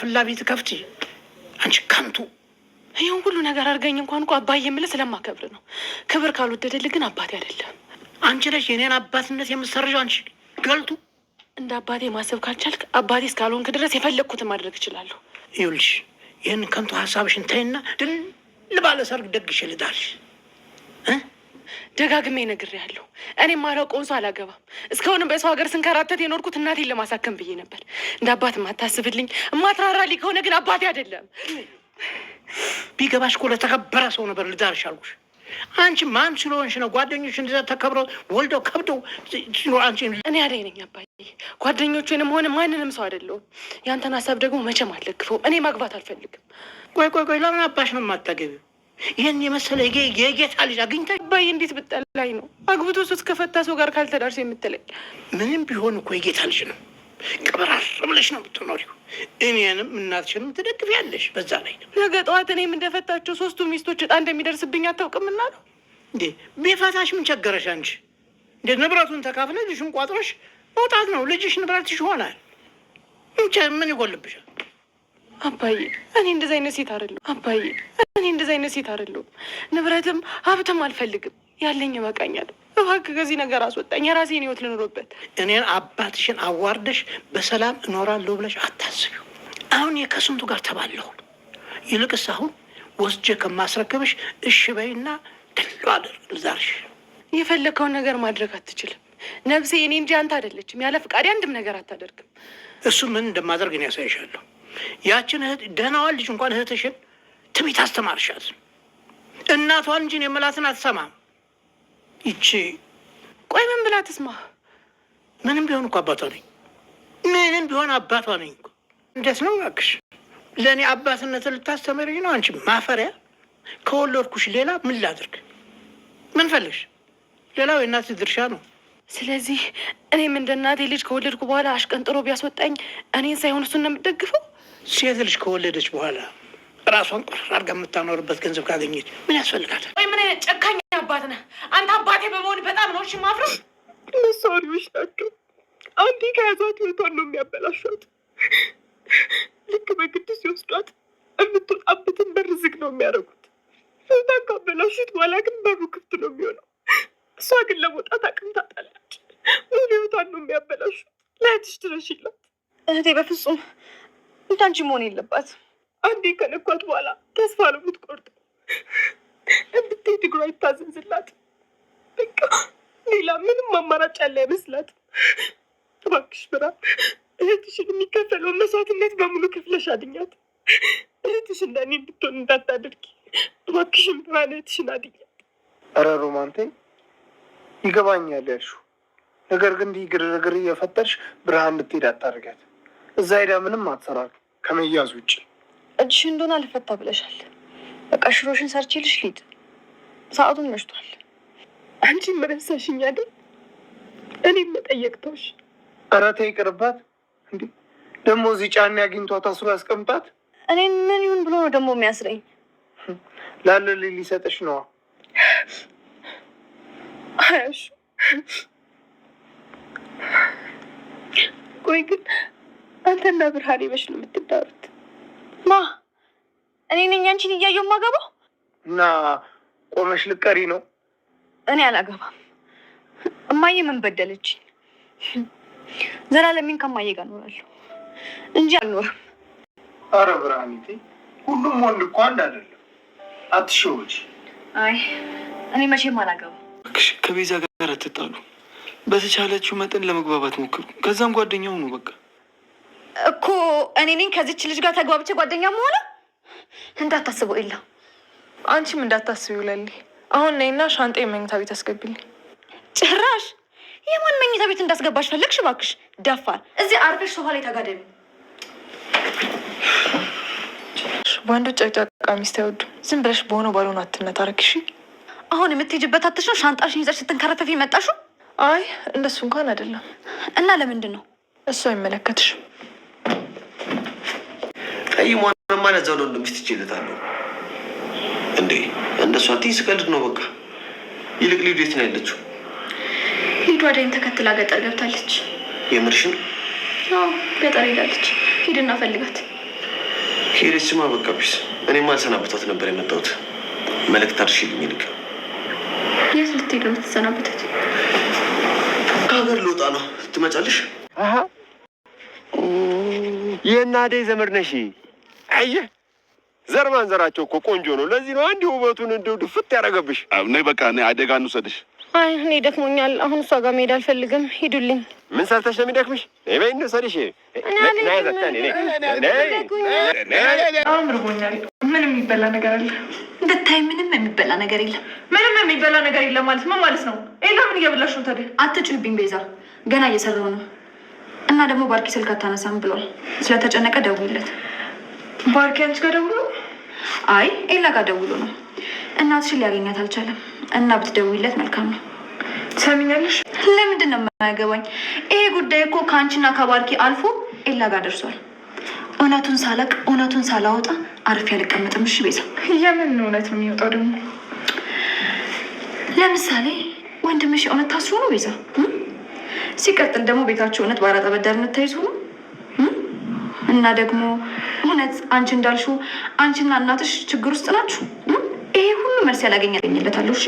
ፍላ ቤት ከፍቲ አንቺ ከንቱ ይህን ሁሉ ነገር አድርገኝ እንኳን እኮ አባዬ የምልህ ስለማከብር ነው። ክብር ካልወደደልህ ግን አባቴ አይደለም። አንቺ ነሽ የኔን አባትነት የምሰርዥ አንቺ ገልቱ። እንደ አባቴ ማሰብ ካልቻልክ አባቴ እስካልሆንክ ድረስ የፈለግኩትን ማድረግ እችላለሁ። ይኸውልሽ ይህን ከንቱ ሀሳብሽን ተይና ድል ባለ ሰርግ ደግሽ ልዳልሽ ደጋግሜ ነግሬያለሁ። እኔም አላውቀውን ሰው አላገባም። እስካሁንም በሰው ሀገር ስንከራተት የኖርኩት እናቴን ለማሳከም ብዬ ነበር። እንደ አባት የማታስብልኝ የማትራራልኝ ከሆነ ግን አባቴ አይደለም። ቢገባሽ እኮ ለተከበረ ሰው ነበር ልዳርሽ አልኩሽ። አንቺ ማን ስለሆንሽ ነው ጓደኞች እንደዛ ተከብረው ወልደው ከብደው? አንቺ እኔ አደይ ነኝ አባዬ። ጓደኞችንም ሆነ ማንንም ሰው አይደለሁም። ያንተን ሀሳብ ደግሞ መቼም አልለግፈውም። እኔ ማግባት አልፈልግም። ቆይ ቆይ ቆይ፣ ለምን አባሽ ነው የማታገቢው? ይህን የመሰለ የጌታ ልጅ አግኝታ ባይ እንዴት ብጠላኝ ነው? አግብቶ ሶስት ከፈታ ሰው ጋር ካልተዳርሽ የምትለኝ ምንም ቢሆን እኮ የጌታ ልጅ ነው። ቅብራር ብለሽ ነው የምትኖሪው። እኔንም እናትሽንም ትደግፊያለሽ። በዛ ላይ ነገ ጠዋት እኔም እንደፈታቸው ሶስቱ ሚስቶች እጣ እንደሚደርስብኝ አታውቅምና ነው እንዴ? ቤፋታሽ ምን ቸገረሽ አንቺ? እንደ ንብረቱን ተካፍለ ልጁን ቋጥረሽ መውጣት ነው። ልጅሽ ንብረትሽ ይሆናል። ምን ይጎልብሻል? አባዬ እኔ እንደዚ አይነት ሴት አይደለሁ አባዬ እንደዚህ አይነት ሴት አይደለሁም። ንብረትም ሀብትም አልፈልግም። ያለኝ ይበቃኛል። እባክህ ከዚህ ነገር አስወጣኝ። የራሴን ህይወት ልኖርበት። እኔን አባትሽን አዋርደሽ በሰላም እኖራለሁ ብለሽ አታስቢው። አሁን የከስንቱ ጋር ተባለሁ። ይልቅስ አሁን ወስጄ ከማስረከብሽ እሽ በይና ድሏል ልዛርሽ። የፈለከውን ነገር ማድረግ አትችልም። ነፍሴ እኔ እንጂ አንተ አይደለችም። ያለ ፍቃድ አንድም ነገር አታደርግም። እሱ ምን እንደማደርግ እኔ ያሳይሻለሁ። ያችን እህት ደህናዋ ልጅ እንኳን እህትሽን ትቢት አስተማርሻት። እናቷ እንጂን የምላትን አትሰማም። ይቺ ቆይ ምን ብላ ትስማ? ምንም ቢሆን እኮ አባቷ ነኝ። ምንም ቢሆን አባቷ ነኝ። እንዴት ነው እባክሽ ለእኔ አባትነትን ልታስተምሪኝ ነው? አንቺ ማፈሪያ ከወለድኩሽ ሌላ ምን ላድርግ? ምን ፈልግሽ? ሌላው የእናት ድርሻ ነው። ስለዚህ እኔም እንደ እናቴ ልጅ ከወለድኩ በኋላ አሽቀንጥሮ ቢያስወጣኝ እኔን ሳይሆን እሱን ነው የምደግፈው? ሴት ልጅ ከወለደች በኋላ ራሷን ቁርር አድርጋ የምታኖርበት ገንዘብ ካገኘች ምን ያስፈልጋታል? ወይ ምን አይነት ጨካኝ አባት ነህ አንተ! አባቴ በመሆን በጣም ነው ሽማፍረው። መሳሪያዎች ናቸው። አንዴ ከያዛት ህይወቷን ነው የሚያበላሻት። ልክ በግድ ሲወስዷት የምትወጣበትን በር ዝግ ነው የሚያደርጉት። ህይወቷን ካበላሹት በኋላ ግን በሩ ክፍት ነው የሚሆነው። እሷ ግን ለመውጣት አቅም ታጣለች። ሙሉ ህይወቷን ነው የሚያበላሹት። ለእህትሽ ትረሽላት። እህቴ። በፍጹም እንዳንቺ መሆን የለባትም። አንዴ ከነኳት በኋላ ተስፋ ነው የምትቆርጥ። እንድትሄድ እግሯ ይታዘዝላት። በቃ ሌላ ምንም አማራጭ ያለ አይመስላትም። እባክሽ ብራ፣ እህትሽን የሚከፈለውን መስዋዕትነት በሙሉ ክፍለሽ አድኛት። እህትሽ እንደኔ እንድትሆን እንዳታደርጊ። እባክሽን ብራ፣ እህትሽን አድኛት። ኧረ ሮማንቴ ይገባኛል ያልሺው ነገር ግን እንዲህ ግርግር እየፈጠርሽ ብርሃን እንድትሄድ አታደርጊያት። እዛ ሄዳ ምንም አትሰራ ከመያዝ ውጭ እጅሽ እንደሆነ አልፈታ ብለሻል። በቃ ሽሮሽን ሰርችልሽ ልሂድ፣ ሰዓቱን መሽቷል። አንቺ መረሳሽኝ አይደል? እኔም መጠየቅ ተውሽ። ኧረ ተይ ይቅርባት። እንዴ ደግሞ እዚህ ጫኔ አግኝቷት ታስሮ ያስቀምጣት። እኔ ምን ይሁን ብሎ ነው ደግሞ የሚያስረኝ? ላለ ሊሰጥሽ ነዋ። አያሹ ቆይ ግን አንተና ብርሃኔ መች ነው የምትዳሩት? ማ እኔ ነኝ አንቺን እያየሁ ማገባው? እና ቆመሽ ልቀሪ ነው? እኔ አላገባም። እማዬ ምን በደለች? ዘላለሜን ከማዬ ጋር እኖራለሁ እንጂ አልኖርም። አረ ብርሃኒቴ፣ ሁሉም ወንድ እኮ አንድ አይደለም። አትሸወጂ። አይ እኔ መቼም አላገባም። ከቤዛ ጋር አትጣሉ። በተቻለችው መጠን ለመግባባት ሞክሩ። ከዛም ጓደኛው ነው በቃ እኮ እኔ ነኝ ከዚች ልጅ ጋር ተግባብቼ ጓደኛ መሆነ እንዳታስበው የለ አንቺም እንዳታስብ ይውላል። አሁን ነይና ሻንጤ መኝታ ቤት አስገቢልኝ። ጭራሽ የማን መኝታ ቤት እንዳስገባሽ ፈለግሽ? እባክሽ ደፋር፣ እዚህ አርፈሽ ሶፋ ላይ ተጋደሚ። ወንዶች ጨቅጫቃ ሚስት አይወዱም። ዝም ብለሽ በሆነ ባልሆነ አትነታረክ። እሺ አሁን የምትሄጅበት አትሽ ነው። ሻንጣሽን ይዘሽ ስትንከረፈፊ መጣሹ። አይ እንደሱ እንኳን አይደለም። እና ለምንድን ነው እሱ አይመለከትሽም? ቀይ ሟን ማን ያዛው ነው ሚስት ይችልታለሁ እንዴ? እንደሷ ትይ ቀልድ ነው በቃ። ይልቅ ሊዱ የት ነው ያለችው? ሊዱ አደይን ተከትላ ገጠር ገብታለች። የምርሽን? አዎ ገጠር ሄዳለች። ሂድና ፈልጋት። ሄደችማ በቃ ቢስ። እኔማ አልሰናበታት ነበር የመጣሁት። መልእክት አድርሽልኝ። ይልቅ የት ልትሄድ ነው የምትሰናበታት? ከሀገር ልወጣ ነው። ትመጫለሽ? ይህን አደይ ዘመድ ነሽ? አየህ ዘር ማንዘራቸው እኮ ቆንጆ ነው። ለዚህ ነው አንድ ውበቱን እንደው ድፍት ያደረገብሽ። ነይ በቃ ነይ፣ አደጋ እንውሰድሽ። አይ እኔ ደክሞኛል፣ አሁን እሷ ጋር መሄድ አልፈልግም። ሂዱልኝ። ምን ሰርተሽ ነው የሚደክምሽ? ነይ በይ እንውሰድሽ። አሁን ርቦኛል። ምንም የሚበላ ነገር አለ እንድታይ? ምንም የሚበላ ነገር የለም። ምንም የሚበላ ነገር የለም ማለት ምን ማለት ነው? ኤላ ምን እየበላሽ ነው ታዲያ? አትጩህብኝ ቤዛ፣ ገና እየሰራው ነው። እና ደግሞ ባርኪ ስልክ አታነሳም ብሏል። ስለተጨነቀ ደውይለት። ባርኪ አንቺ ጋር ደውሎ አይ ኤላ ጋር ደውሎ ነው። እናትሽን ሊያገኛት አልቻለም እና ብትደውይለት መልካም ነው። ሰሚኛለሽ? ለምንድን ነው የማያገባኝ? ይሄ ጉዳይ እኮ ከአንቺና ከባርኪ አልፎ ኤላ ጋር ደርሷል። እውነቱን ሳላቅ እውነቱን ሳላወጣ አርፌ አልቀመጥም። እሺ ቤዛ፣ የምን እውነት ነው የሚወጣው ደግሞ? ለምሳሌ ወንድምሽ የእውነት ታስሮ ነው ቤዛ። ሲቀጥል ደግሞ ቤታቸው እውነት በአራጣ በዳርነት ተይዞ ነው እና ደግሞ እውነት አንቺ እንዳልሽው አንቺና እናትሽ ችግር ውስጥ ናችሁ። ይሄ ሁሉ መልስ ያላገኛገኝለታለሁ። እሺ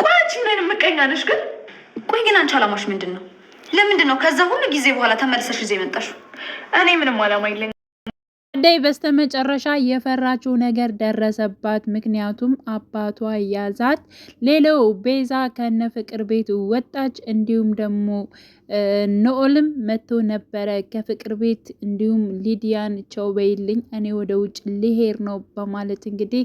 ቆይ አንቺ ምን አይነት ምቀኛ ነሽ ግን? ቆይ ግን አንቺ አላማሽ ምንድን ነው? ለምንድን ነው ከዛ ሁሉ ጊዜ በኋላ ተመልሰሽ ዜ የመጣሽ? እኔ ምንም አላማ የለኝ አደይ በስተመጨረሻ የፈራችው ነገር ደረሰባት። ምክንያቱም አባቷ ያዛት። ሌላው ቤዛ ከነ ፍቅር ቤት ወጣች። እንዲሁም ደግሞ ኖኦልም መጥቶ ነበረ ከፍቅር ቤት እንዲሁም ሊዲያን ቸው በይልኝ እኔ ወደ ውጭ ሊሄር ነው በማለት እንግዲህ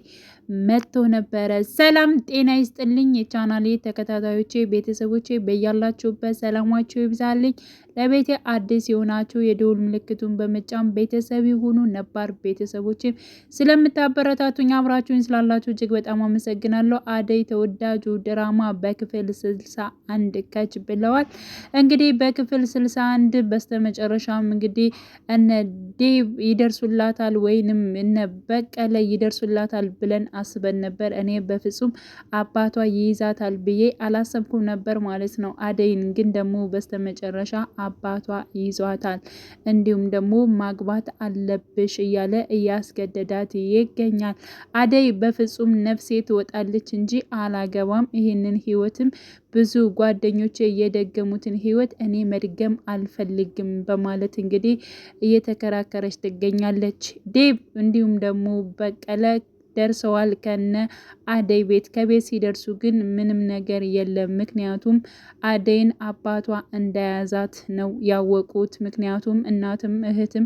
መጥቶ ነበረ። ሰላም ጤና ይስጥልኝ የቻናሌ ተከታታዮቼ ቤተሰቦቼ፣ በያላችሁበት ሰላማችሁ ይብዛልኝ። ለቤቴ አዲስ የሆናችሁ የደውል ምልክቱን በመጫን ቤተሰብ የሆኑ ነባር ቤተሰቦችም ስለምታበረታቱኝ አብራችሁኝ ስላላችሁ እጅግ በጣም አመሰግናለሁ። አደይ ተወዳጁ ድራማ በክፍል ስልሳ አንድ ከች ብለዋል እንግዲህ እንግዲህ በክፍል 61 በስተመጨረሻም እንግዲህ እነ ዴቭ ይደርሱላታል ወይንም እነ በቀለ ይደርሱላታል ብለን አስበን ነበር። እኔ በፍጹም አባቷ ይይዛታል ብዬ አላሰብኩም ነበር ማለት ነው። አደይን ግን ደግሞ በስተመጨረሻ አባቷ ይዟታል። እንዲሁም ደግሞ ማግባት አለብሽ እያለ እያስገደዳት ይገኛል። አደይ በፍጹም ነፍሴ ትወጣለች እንጂ አላገባም ይህንን ህይወትም ብዙ ጓደኞቼ የደገሙትን ህይወት እኔ መድገም አልፈልግም በማለት እንግዲህ እየተከራከረች ትገኛለች። ዴብ እንዲሁም ደግሞ በቀለ ደርሰዋል ከነ አደይ ቤት። ከቤት ሲደርሱ ግን ምንም ነገር የለም። ምክንያቱም አደይን አባቷ እንደያዛት ነው ያወቁት። ምክንያቱም እናትም እህትም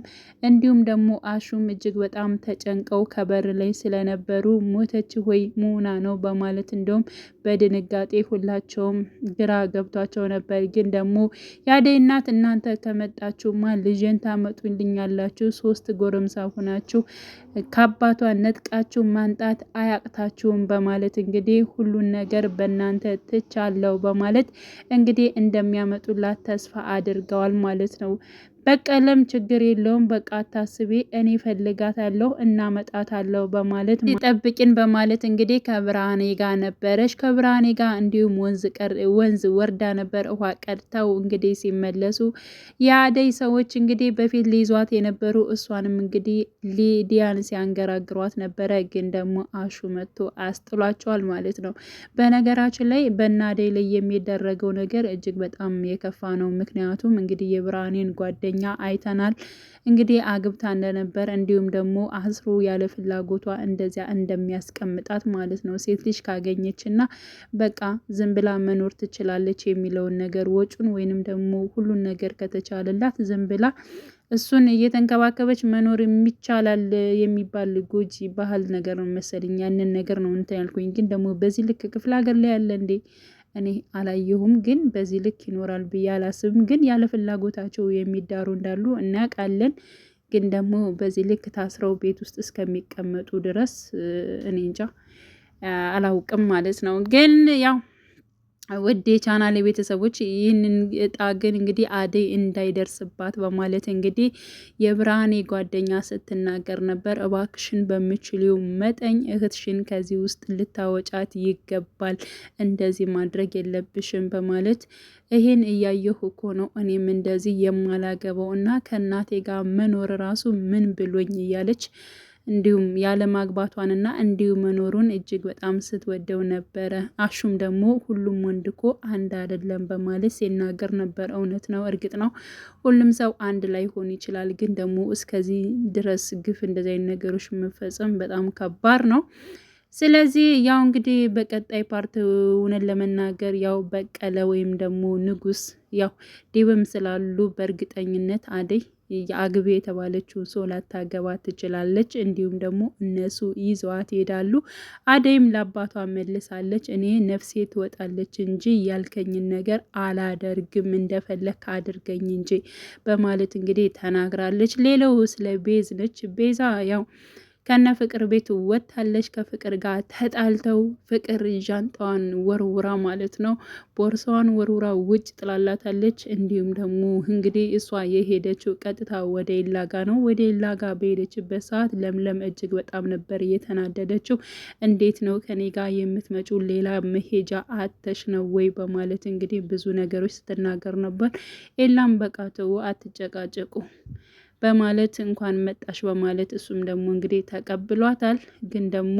እንዲሁም ደግሞ አሹም እጅግ በጣም ተጨንቀው ከበር ላይ ስለነበሩ ሞተች ወይ ሙና ነው በማለት እንደውም በድንጋጤ ሁላቸውም ግራ ገብቷቸው ነበር። ግን ደግሞ የአደይ እናት እናንተ ከመጣችሁማ ልጄን ታመጡልኛላችሁ ሶስት ጎረምሳ ሁናችሁ ከአባቷ ነጥቃችሁ ማንጣት አያቅታችሁም በማለት እንግዲህ ሁሉን ነገር በእናንተ ትቻለው በማለት እንግዲህ እንደሚያመጡላት ተስፋ አድርገዋል ማለት ነው። በቀለም ችግር የለውም በቃ አታስቢ፣ እኔ ፈልጋታለሁ እናመጣታለሁ በማለት ጠብቂን በማለት እንግዲህ ከብርሃኔ ጋር ነበረች። ከብርሃኔ ጋር እንዲሁም ወንዝ ወርዳ ነበር ውሃ ቀድተው እንግዲህ ሲመለሱ የአደይ ሰዎች እንግዲህ በፊት ሊይዟት የነበሩ እሷንም እንግዲህ ሊዲያን ሲያንገራግሯት ነበረ። ግን ደግሞ አሹ መጥቶ አስጥሏቸዋል ማለት ነው። በነገራችን ላይ በአደይ ላይ የሚደረገው ነገር እጅግ በጣም የከፋ ነው። ምክንያቱም እንግዲህ የብርሃኔን ጓደኛ ፍቅረኛ አይተናል። እንግዲህ አግብታ እንደነበር እንዲሁም ደግሞ አስሮ ያለ ፍላጎቷ እንደዚያ እንደሚያስቀምጣት ማለት ነው። ሴት ልጅ ካገኘች እና በቃ ዝም ብላ መኖር ትችላለች የሚለውን ነገር ወጩን ወይንም ደግሞ ሁሉን ነገር ከተቻለላት ዝም ብላ እሱን እየተንከባከበች መኖር የሚቻላል የሚባል ጎጂ ባህል ነገር ነው መሰለኝ። ያንን ነገር ነው እንትን ያልኩኝ። ግን ደግሞ በዚህ ልክ ክፍለ ሀገር ላይ ያለ እንዴ እኔ አላየሁም፣ ግን በዚህ ልክ ይኖራል ብዬ አላስብም። ግን ያለ ፍላጎታቸው የሚዳሩ እንዳሉ እናውቃለን። ግን ደግሞ በዚህ ልክ ታስረው ቤት ውስጥ እስከሚቀመጡ ድረስ እኔ እንጃ አላውቅም ማለት ነው ግን ያው ውድ የቻናል ቤተሰቦች ይህንን እጣ ግን እንግዲህ አደይ እንዳይደርስባት በማለት እንግዲህ የብርሃኔ ጓደኛ ስትናገር ነበር። እባክሽን በምችለው መጠኝ እህትሽን ከዚህ ውስጥ ልታወጫት ይገባል፣ እንደዚህ ማድረግ የለብሽም በማለት ይህን እያየሁ እኮ ነው እኔም እንደዚህ የማላገባው እና ከእናቴ ጋር መኖር ራሱ ምን ብሎኝ እያለች እንዲሁም ያለማግባቷንና እንዲሁ መኖሩን እጅግ በጣም ስትወደው ነበረ። አሹም ደግሞ ሁሉም ወንድ እኮ አንድ አይደለም በማለት ሲናገር ነበር። እውነት ነው፣ እርግጥ ነው ሁሉም ሰው አንድ ላይ ሆን ይችላል። ግን ደግሞ እስከዚህ ድረስ ግፍ እንደዚህ አይነት ነገሮች መፈጸም በጣም ከባድ ነው። ስለዚህ ያው እንግዲህ በቀጣይ ፓርት እውነት ለመናገር ያው በቀለ ወይም ደግሞ ንጉስ ያው ዲብም ስላሉ በእርግጠኝነት አደይ አግቢ የተባለችውን ሰው ላታገባ ትችላለች። እንዲሁም ደግሞ እነሱ ይዘዋት ይሄዳሉ። አደይም ለአባቷ መልሳለች። እኔ ነፍሴ ትወጣለች እንጂ ያልከኝን ነገር አላደርግም፣ እንደፈለክ አድርገኝ እንጂ በማለት እንግዲህ ተናግራለች። ሌላው ስለ ቤዝ ነች። ቤዛ ያው ከነ ፍቅር ቤት ወታለች ከፍቅር ጋር ተጣልተው ፍቅር ጃንጣዋን ወርውራ ማለት ነው ቦርሳዋን ወርውራ ውጭ ጥላላታለች። እንዲሁም ደግሞ እንግዲህ እሷ የሄደችው ቀጥታ ወደ ኢላጋ ነው። ወደ ኢላጋ በሄደችበት ሰዓት ለምለም እጅግ በጣም ነበር የተናደደችው። እንዴት ነው ከኔ ጋር የምትመጩ? ሌላ መሄጃ አተሽ ነው ወይ በማለት እንግዲህ ብዙ ነገሮች ስትናገር ነበር። ኤላም በቃ ተው፣ አትጨቃጨቁ በማለት እንኳን መጣሽ በማለት እሱም ደግሞ እንግዲህ ተቀብሏታል። ግን ደግሞ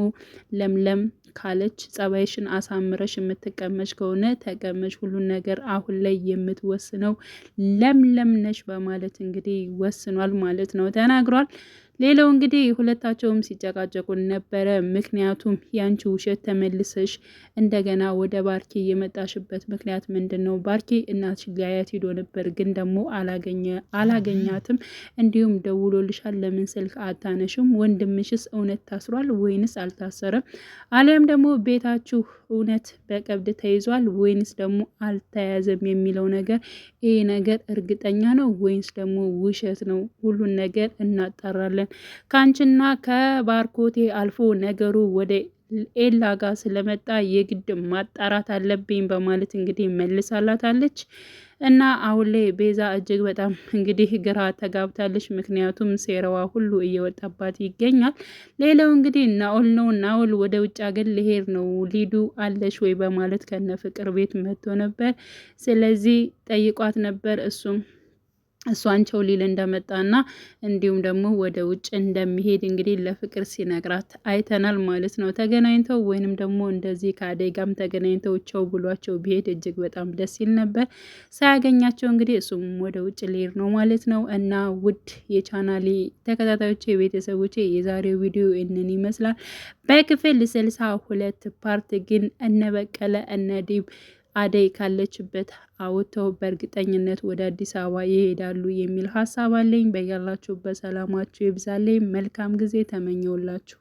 ለምለም ካለች ጸባይሽን አሳምረሽ የምትቀመጭ ከሆነ ተቀመጭ፣ ሁሉን ነገር አሁን ላይ የምትወስነው ለምለም ነሽ በማለት እንግዲህ ወስኗል ማለት ነው ተናግሯል። ሌላው እንግዲህ ሁለታቸውም ሲጨቃጨቁ ነበረ። ምክንያቱም ያንቺ ውሸት ተመልሰሽ እንደገና ወደ ባርኪ የመጣሽበት ምክንያት ምንድን ነው? ባርኪ እናትሽ ሊያያት ሂዶ ነበር፣ ግን ደግሞ አላገኛትም። እንዲሁም ደውሎልሻል፣ ለምን ስልክ አታነሽም? ወንድምሽስ እውነት ታስሯል ወይንስ አልታሰረም? አሊያም ደግሞ ቤታችሁ እውነት በቀብድ ተይዟል ወይንስ ደግሞ አልተያዘም የሚለው ነገር ይሄ ነገር እርግጠኛ ነው ወይንስ ደግሞ ውሸት ነው? ሁሉን ነገር እናጣራለን እንችላለን። ከአንቺና ከባርኮቴ አልፎ ነገሩ ወደ ኤላ ጋር ስለመጣ የግድ ማጣራት አለብኝ በማለት እንግዲህ መልሳላታለች። እና አሁን ላይ ቤዛ እጅግ በጣም እንግዲህ ግራ ተጋብታለች። ምክንያቱም ሴረዋ ሁሉ እየወጣባት ይገኛል። ሌላው እንግዲህ ናኦል ነው። ናኦል ወደ ውጭ አገር ልሄድ ነው ሊዱ አለሽ ወይ በማለት ከነ ፍቅር ቤት መጥቶ ነበር። ስለዚህ ጠይቋት ነበር እሱም እሷን ቸው ሊል እንደመጣና እንዲሁም ደግሞ ወደ ውጭ እንደሚሄድ እንግዲህ ለፍቅር ሲነግራት አይተናል ማለት ነው። ተገናኝተው ወይንም ደግሞ እንደዚህ ከአደይ ጋም ተገናኝተው ቸው ብሏቸው ቢሄድ እጅግ በጣም ደስ ይል ነበር። ሳያገኛቸው እንግዲህ እሱም ወደ ውጭ ሊሄድ ነው ማለት ነው። እና ውድ የቻናሌ ተከታታዮች የቤተሰቦች የዛሬው ቪዲዮ ይህንን ይመስላል። በክፍል ስልሳ ሁለት ፓርት ግን እነበቀለ እነዲብ እነ አደይ ካለችበት አውጥተው በእርግጠኝነት ወደ አዲስ አበባ ይሄዳሉ የሚል ሀሳብ አለኝ። በያላችሁበት ሰላማችሁ ይብዛልኝ። መልካም ጊዜ ተመኘውላችሁ።